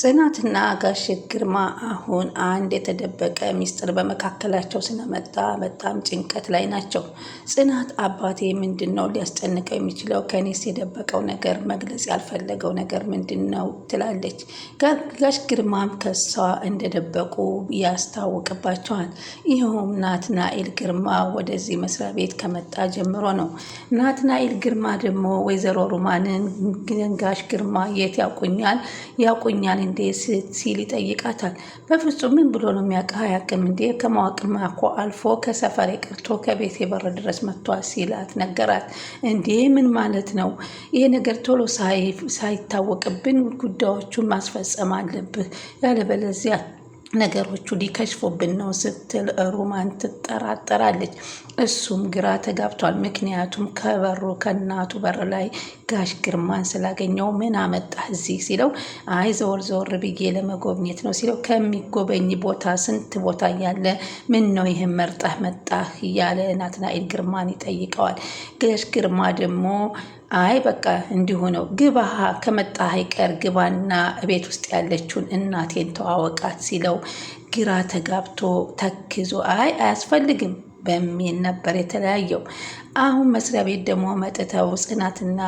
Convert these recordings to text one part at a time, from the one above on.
ጽናትና ጋሽ ግርማ አሁን አንድ የተደበቀ ሚስጥር በመካከላቸው ስለመጣ በጣም ጭንቀት ላይ ናቸው። ጽናት አባቴ ምንድን ነው ሊያስጨንቀው የሚችለው ከኔስ የደበቀው ነገር መግለጽ ያልፈለገው ነገር ምንድን ነው ትላለች። ጋሽ ግርማም ከሷ እንደደበቁ ያስታውቅባቸዋል። ይኸውም ናትናኤል ግርማ ወደዚህ መስሪያ ቤት ከመጣ ጀምሮ ነው። ናትናኤል ግርማ ደግሞ ወይዘሮ ሩማንን ጋሽ ግርማ የት ያውቁኛል ያውቁኛል እንዴ ሲል ይጠይቃታል። በፍጹም ምን ብሎ ነው የሚያውቅህ? አያውቅም እንዴ ከማወቅም እኮ አልፎ ከሰፈር ቀርቶ ከቤት የበር ድረስ መጥቷል ሲላት ነገራት። እንዴ ምን ማለት ነው? ይሄ ነገር ቶሎ ሳይታወቅብን ጉዳዮቹን ማስፈጸም አለብህ ያለበለዚያ ነገሮቹ ሊከሽፉብን ነው ስትል ሩማን ትጠራጠራለች። እሱም ግራ ተጋብቷል። ምክንያቱም ከበሩ ከእናቱ በር ላይ ጋሽ ግርማን ስላገኘው ምን አመጣህ እዚህ ሲለው አይ ዘወር ዘወር ብዬ ለመጎብኘት ነው ሲለው ከሚጎበኝ ቦታ ስንት ቦታ እያለ ምን ነው ይህን መርጠህ መጣህ እያለ ናትናኤል ግርማን ይጠይቀዋል። ጋሽ ግርማ ደግሞ አይ በቃ እንዲሁ ነው፣ ግባ ከመጣ አይቀር ግባና ቤት ውስጥ ያለችውን እናቴን ተዋወቃት ሲለው ግራ ተጋብቶ ተክዞ አይ አያስፈልግም በሚል ነበር የተለያየው። አሁን መስሪያ ቤት ደግሞ መጥተው ጽናትና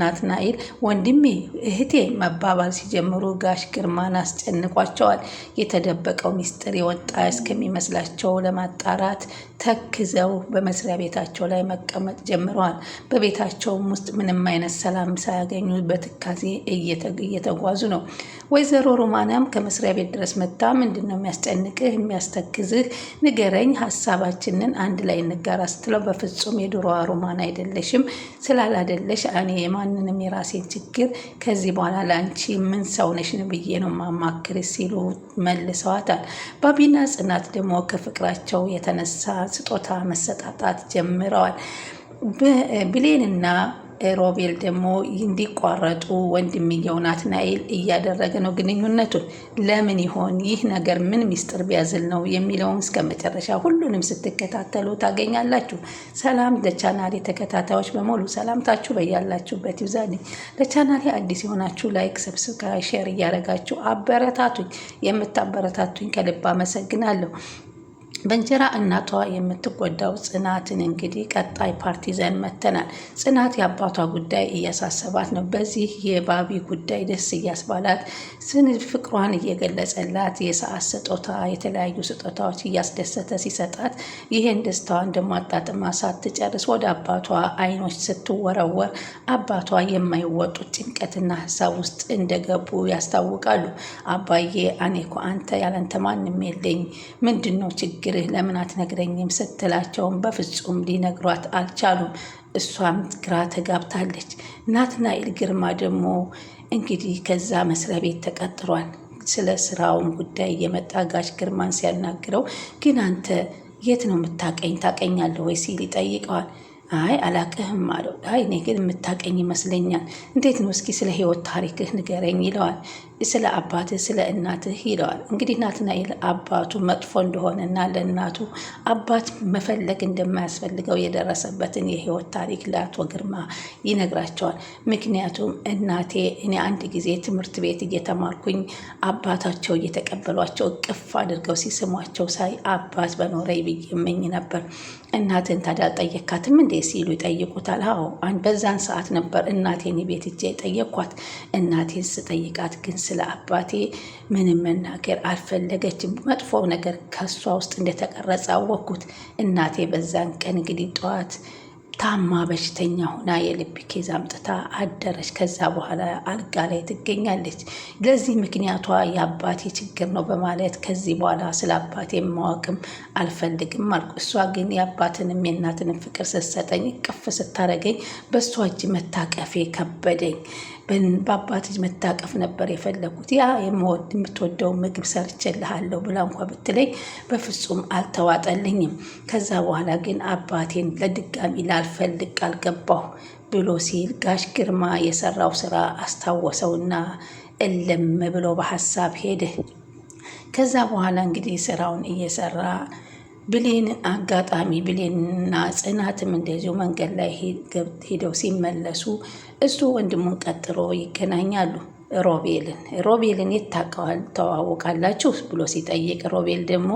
ናትናኤል ወንድሜ እህቴ መባባል ሲጀምሩ ጋሽ ግርማን አስጨንቋቸዋል። የተደበቀው ሚስጥር የወጣ እስከሚመስላቸው ለማጣራት ተክዘው በመስሪያ ቤታቸው ላይ መቀመጥ ጀምረዋል። በቤታቸውም ውስጥ ምንም አይነት ሰላም ሳያገኙ በትካዜ እየተጓዙ ነው። ወይዘሮ ሩማንያም ከመስሪያ ቤት ድረስ መታ ምንድን ነው የሚያስጨንቅህ የሚያስተክዝህ ንገረኝ፣ ሀሳባችንን አንድ ላይ እንጋራ ስትለው በፍጹም የዶ ጥሩ ሮማን አይደለሽም ስላላደለሽ እኔ የማንንም የራሴን ችግር ከዚህ በኋላ ለአንቺ ምን ሰውነሽ ነው ብዬ ነው ማማክር ሲሉ መልሰዋታል። ባቢና ጽናት ደግሞ ከፍቅራቸው የተነሳ ስጦታ መሰጣጣት ጀምረዋል። ብሌንና ሮቤል ደግሞ እንዲቋረጡ ወንድምየው ናትናኤል እያደረገ ነው ግንኙነቱን። ለምን ይሆን ይህ ነገር ምን ሚስጥር ቢያዝል ነው የሚለውን እስከ መጨረሻ ሁሉንም ስትከታተሉ ታገኛላችሁ። ሰላም ለቻናሌ ተከታታዮች በሙሉ ሰላምታችሁ በያላችሁበት ይብዛልኝ። ለቻናሌ አዲስ የሆናችሁ ላይክ፣ ሰብስክራይብ፣ ሼር እያደረጋችሁ አበረታቱኝ። የምታበረታቱኝ ከልብ አመሰግናለሁ። በእንጀራ እናቷ የምትጎዳው ጽናትን እንግዲህ ቀጣይ ፓርቲ ይዘን መተናል። ጽናት የአባቷ ጉዳይ እያሳሰባት ነው። በዚህ የባቢ ጉዳይ ደስ እያስባላት ስን ፍቅሯን እየገለጸላት የሰዓት ስጦታ፣ የተለያዩ ስጦታዎች እያስደሰተ ሲሰጣት ይህን ደስታዋን ደግሞ አጣጥማ ሳትጨርስ ወደ አባቷ አይኖች ስትወረወር አባቷ የማይወጡት ጭንቀትና ሀሳብ ውስጥ እንደገቡ ያስታውቃሉ። አባዬ አኔኮ አንተ ያለንተ ማንም የለኝ ምንድን ነው ችግር ችግርህ ለምን አትነግረኝም ስትላቸውም በፍጹም ሊነግሯት አልቻሉም። እሷም ግራ ተጋብታለች። ናትናኤል ግርማ ደግሞ እንግዲህ ከዛ መስሪያ ቤት ተቀጥሯል። ስለ ስራውም ጉዳይ የመጣ ጋሽ ግርማን ሲያናግረው ግን አንተ የት ነው የምታቀኝ ታቀኛለህ ወይ ሲል ይጠይቀዋል። አይ አላቅህም አለው። አይ እኔ ግን የምታቀኝ ይመስለኛል። እንዴት ነው እስኪ ስለ ህይወት ታሪክህ ንገረኝ ይለዋል። ስለ አባትህ ስለ እናትህ ይለዋል። እንግዲህ ናትናኤል አባቱ መጥፎ እንደሆነና ለእናቱ አባት መፈለግ እንደማያስፈልገው የደረሰበትን የህይወት ታሪክ ለአቶ ግርማ ይነግራቸዋል። ምክንያቱም እናቴ እኔ አንድ ጊዜ ትምህርት ቤት እየተማርኩኝ አባታቸው እየተቀበሏቸው ቅፍ አድርገው ሲስሟቸው ሳይ አባት በኖረ ብዬ እመኝ ነበር። እናትን ታዲያ አልጠየካትም እንዴ ሲሉ ይጠይቁታል። አዎ በዛን ሰዓት ነበር እናቴን ቤት እጄ የጠየኳት። እናቴን ስጠይቃት ግን ስለ አባቴ ምንም መናገር አልፈለገችም። መጥፎ ነገር ከሷ ውስጥ እንደተቀረጸ አወቅኩት። እናቴ በዛን ቀን እንግዲህ ጠዋት ታማ በሽተኛ ሆና የልብ ኬዝ አምጥታ አደረች። ከዛ በኋላ አልጋ ላይ ትገኛለች። ለዚህ ምክንያቷ የአባቴ ችግር ነው በማለት ከዚህ በኋላ ስለ አባቴ ማወቅም አልፈልግም አልኩ። እሷ ግን የአባትንም የእናትንም ፍቅር ስትሰጠኝ፣ ቅፍ ስታደርገኝ በእሷ እጅ መታቀፌ ከበደኝ። በአባት መታቀፍ ነበር የፈለጉት ያ የምወድ የምትወደው ምግብ ሰርቼልሃለሁ ብላ እንኳ ብትለኝ በፍጹም አልተዋጠልኝም። ከዛ በኋላ ግን አባቴን ለድጋሚ ላልፈልግ ቃል ገባሁ ብሎ ሲል ጋሽ ግርማ የሰራው ስራ አስታወሰውና እልም ብሎ በሀሳብ ሄደ። ከዛ በኋላ እንግዲህ ስራውን እየሰራ ብሌን አጋጣሚ ብሌንና ጽናትም እንደዚሁ መንገድ ላይ ሄደው ሲመለሱ እሱ ወንድሙን ቀጥሮ ይገናኛሉ። ሮቤልን ሮቤልን የት ተዋወቃላችሁ ብሎ ሲጠይቅ ሮቤል ደግሞ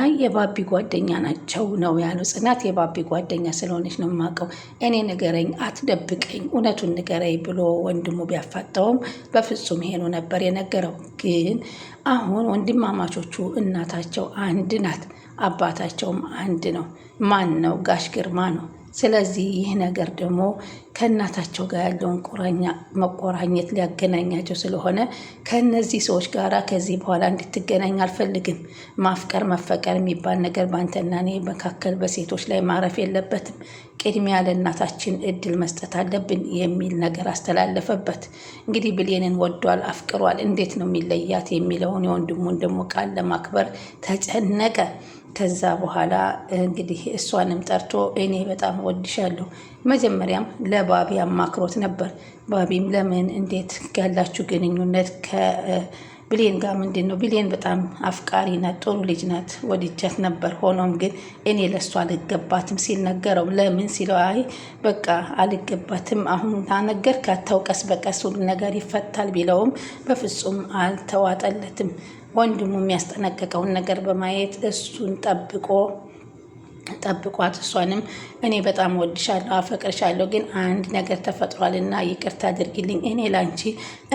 አይ የባቢ ጓደኛ ናቸው ነው ያለው። ጽናት የባቢ ጓደኛ ስለሆነች ነው የማውቀው። እኔ ንገረኝ፣ አትደብቀኝ፣ እውነቱን ንገረኝ ብሎ ወንድሙ ቢያፋጠውም በፍጹም ሄኑ ነበር የነገረው። ግን አሁን ወንድማማቾቹ እናታቸው አንድ ናት። አባታቸውም አንድ ነው። ማን ነው? ጋሽ ግርማ ነው። ስለዚህ ይህ ነገር ደግሞ ከእናታቸው ጋር ያለውን መቆራኘት ሊያገናኛቸው ስለሆነ ከእነዚህ ሰዎች ጋር ከዚህ በኋላ እንድትገናኝ አልፈልግም። ማፍቀር መፈቀር የሚባል ነገር በአንተና እኔ መካከል በሴቶች ላይ ማረፍ የለበትም። ቅድሚያ ለእናታችን እድል መስጠት አለብን የሚል ነገር አስተላለፈበት። እንግዲህ ብሌንን ወዷል፣ አፍቅሯል። እንዴት ነው የሚለያት የሚለውን የወንድሙን ደግሞ ቃል ለማክበር ተጨነቀ። ከዛ በኋላ እንግዲህ እሷንም ጠርቶ እኔ በጣም ወድሻለሁ። መጀመሪያም ለባቢ አማክሮት ነበር። ባቢም ለምን እንዴት ያላችሁ ግንኙነት ብሌን ጋር ምንድን ነው? ብሌን በጣም አፍቃሪ ናት፣ ጥሩ ልጅ ናት፣ ወድጃት ነበር። ሆኖም ግን እኔ ለሱ አልገባትም ሲል ነገረው። ለምን ሲለው አይ በቃ አልገባትም፣ አሁን ታነገር ካታው ቀስ በቀስ ሁሉ ነገር ይፈታል ቢለውም በፍጹም አልተዋጠለትም። ወንድሙ የሚያስጠነቅቀውን ነገር በማየት እሱን ጠብቆ ጠብቋት እሷንም እኔ በጣም ወድሻለሁ፣ አፈቅርሻለሁ ግን አንድ ነገር እና ይቅርታ አድርጊልኝ እኔ ላንቺ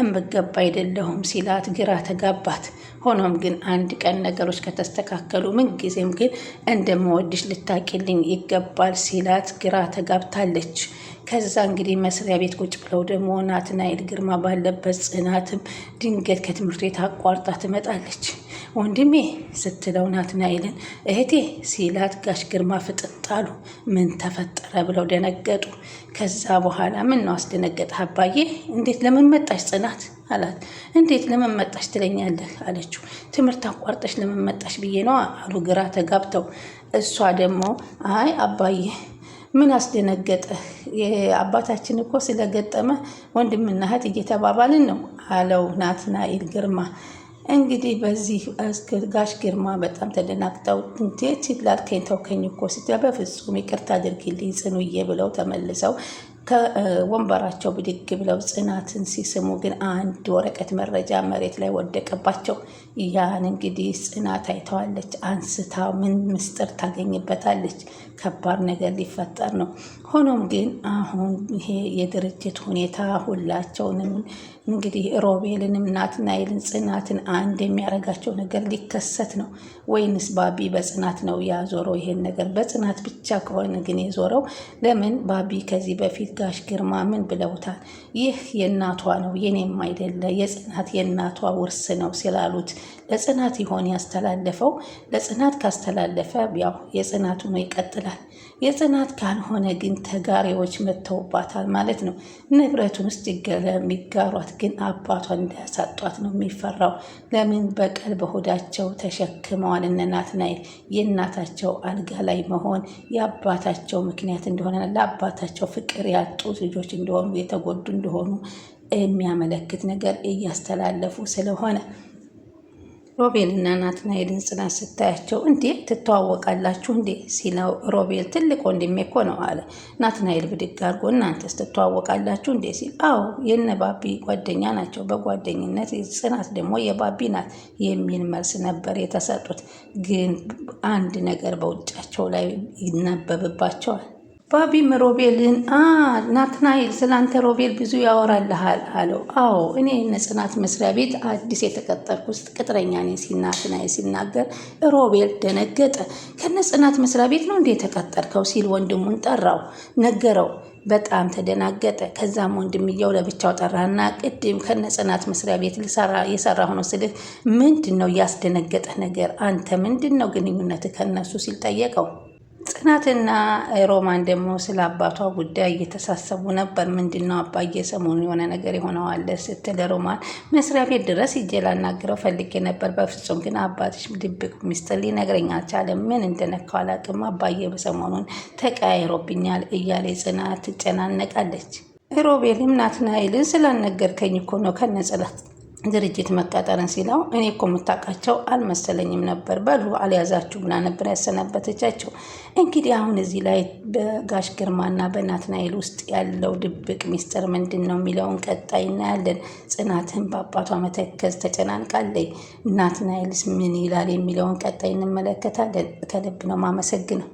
እምገባ አይደለሁም ሲላት ግራ ተጋባት። ሆኖም ግን አንድ ቀን ነገሮች ከተስተካከሉ ምንጊዜም ግን እንደምወድሽ ልታቂልኝ ይገባል ሲላት ግራ ተጋብታለች። ከዛ እንግዲህ መስሪያ ቤት ቁጭ ብለው ደግሞ ናትናኤል ግርማ ባለበት ጽናትም ድንገት ከትምህርት ቤት አቋርጣ ትመጣለች። ወንድሜ ስትለው ናትናኤልን እህቴ ሲላት ጋሽ ግርማ ፍጥጥ አሉ። ምን ተፈጠረ ብለው ደነገጡ። ከዛ በኋላ ምን ነው አስደነገጠ አባዬ? እንዴት ለምን መጣች ጽናት አላት። እንዴት ለምን መጣሽ ትለኛለህ አለችው። ትምህርት አቋርጠሽ ለምን መጣሽ ብዬ ነው አሉ ግራ ተጋብተው። እሷ ደግሞ አይ አባዬ ምን አስደነገጠ? አባታችን እኮ ስለገጠመ ወንድምና እህት እየተባባልን ነው አለው ናትናኤል ግርማ። እንግዲህ በዚህ ጋሽ ግርማ በጣም ተደናግጠው እንዴት ላልከኝ ተውከኝ እኮ ስትል በፍጹም ይቅርታ አድርግልኝ ጽኑዬ ብለው ተመልሰው ከወንበራቸው ብድግ ብለው ጽናትን ሲስሙ ግን አንድ ወረቀት መረጃ መሬት ላይ ወደቀባቸው። ያን እንግዲህ ጽናት አይተዋለች። አንስታ ምን ምስጢር ታገኝበታለች? ከባድ ነገር ሊፈጠር ነው። ሆኖም ግን አሁን ይሄ የድርጅት ሁኔታ ሁላቸውንም እንግዲህ ሮቤልንም ናትናኤልን ጽናትን አንድ የሚያደርጋቸው ነገር ሊከሰት ነው። ወይንስ ባቢ በጽናት ነው ያዞረው? ይሄን ነገር በጽናት ብቻ ከሆነ ግን የዞረው ለምን ባቢ ከዚህ በፊት ጋሽ ግርማ ምን ብለውታል? ይህ የእናቷ ነው የኔም አይደለ፣ የጽናት የእናቷ ውርስ ነው ስላሉት ለጽናት ይሆን ያስተላለፈው። ለጽናት ካስተላለፈ ያው የጽናቱ ነው ይቀጥላል። የጽናት ካልሆነ ግን ተጋሪዎች መጥተውባታል ማለት ነው። ንብረቱን ውስጥ የሚጋሯት ግን አባቷን እንዳያሳጧት ነው የሚፈራው። ለምን በቀል በሆዳቸው ተሸክመዋል። እነ ናትናኤል የእናታቸው አልጋ ላይ መሆን የአባታቸው ምክንያት እንደሆነ ለአባታቸው ፍቅር ያጡ ልጆች እንደሆኑ የተጎዱ እንደሆኑ የሚያመለክት ነገር እያስተላለፉ ስለሆነ ናትና ናትናኤልን ጽናት ስታያቸው እንዴ ትተዋወቃላችሁ እንዴ ሲለው ሮቤል ትልቅ ወንድሜ እኮ ነው አለ። ናትናኤል ብድግ አድርጎ እናንተስ ትተዋወቃላችሁ እንዴ ሲል አዎ የነ ባቢ ጓደኛ ናቸው በጓደኝነት ጽናት ደግሞ የባቢ ናት የሚል መልስ ነበር የተሰጡት። ግን አንድ ነገር በውጫቸው ላይ ይነበብባቸዋል። ባቢም ሮቤልን ናትናኤል ስላንተ ሮቤል ብዙ ያወራልሃል አለው። አዎ እኔ ነጽናት መስሪያ ቤት አዲስ የተቀጠርኩ ውስጥ ቅጥረኛ ነኝ ሲል ናትናኤል ሲናገር ሮቤል ደነገጠ። ከነጽናት መስሪያ ቤት ነው እንደ የተቀጠርከው ሲል ወንድሙን ጠራው ነገረው። በጣም ተደናገጠ። ከዛም ወንድምየው ለብቻው ጠራና ቅድም ከነጽናት መስሪያ ቤት የሰራ ሆኖ ስልህ ምንድን ነው ያስደነገጠ ነገር? አንተ ምንድን ነው ግንኙነት ከነሱ ሲል ጠየቀው። ጽናትና ሮማን ደግሞ ስለ አባቷ ጉዳይ እየተሳሰቡ ነበር። ምንድን ነው አባዬ ሰሞኑ የሆነ ነገር የሆነዋለ ስትል ሮማን መስሪያ ቤት ድረስ እጄ ላናግረው ፈልጌ ነበር። በፍጹም ግን አባትሽ ድብቅ ሚስጥር ሊነግረኝ አልቻለም። ምን እንደነካው አላውቅም። አባዬ በሰሞኑን ተቀያይሮብኛል እያለ ጽናት ትጨናነቃለች። ሮቤልም ናትናኤልን ስላልነገርከኝ እኮ ነው ከነጽላት ድርጅት መቀጠርን ሲለው እኔ እኮ የምታውቃቸው አልመሰለኝም ነበር። በሉ አልያዛችሁ ብላ ነበር ያሰናበተቻቸው። እንግዲህ አሁን እዚህ ላይ በጋሽ ግርማና በናትናኤል ውስጥ ያለው ድብቅ ሚስጥር ምንድን ነው የሚለውን ቀጣይ እናያለን። ጽናትን በአባቷ መተከዝ ተጨናንቃለች። ናትናኤልስ ምን ይላል የሚለውን ቀጣይ እንመለከታለን። ከልብ ነው ማመሰግነው።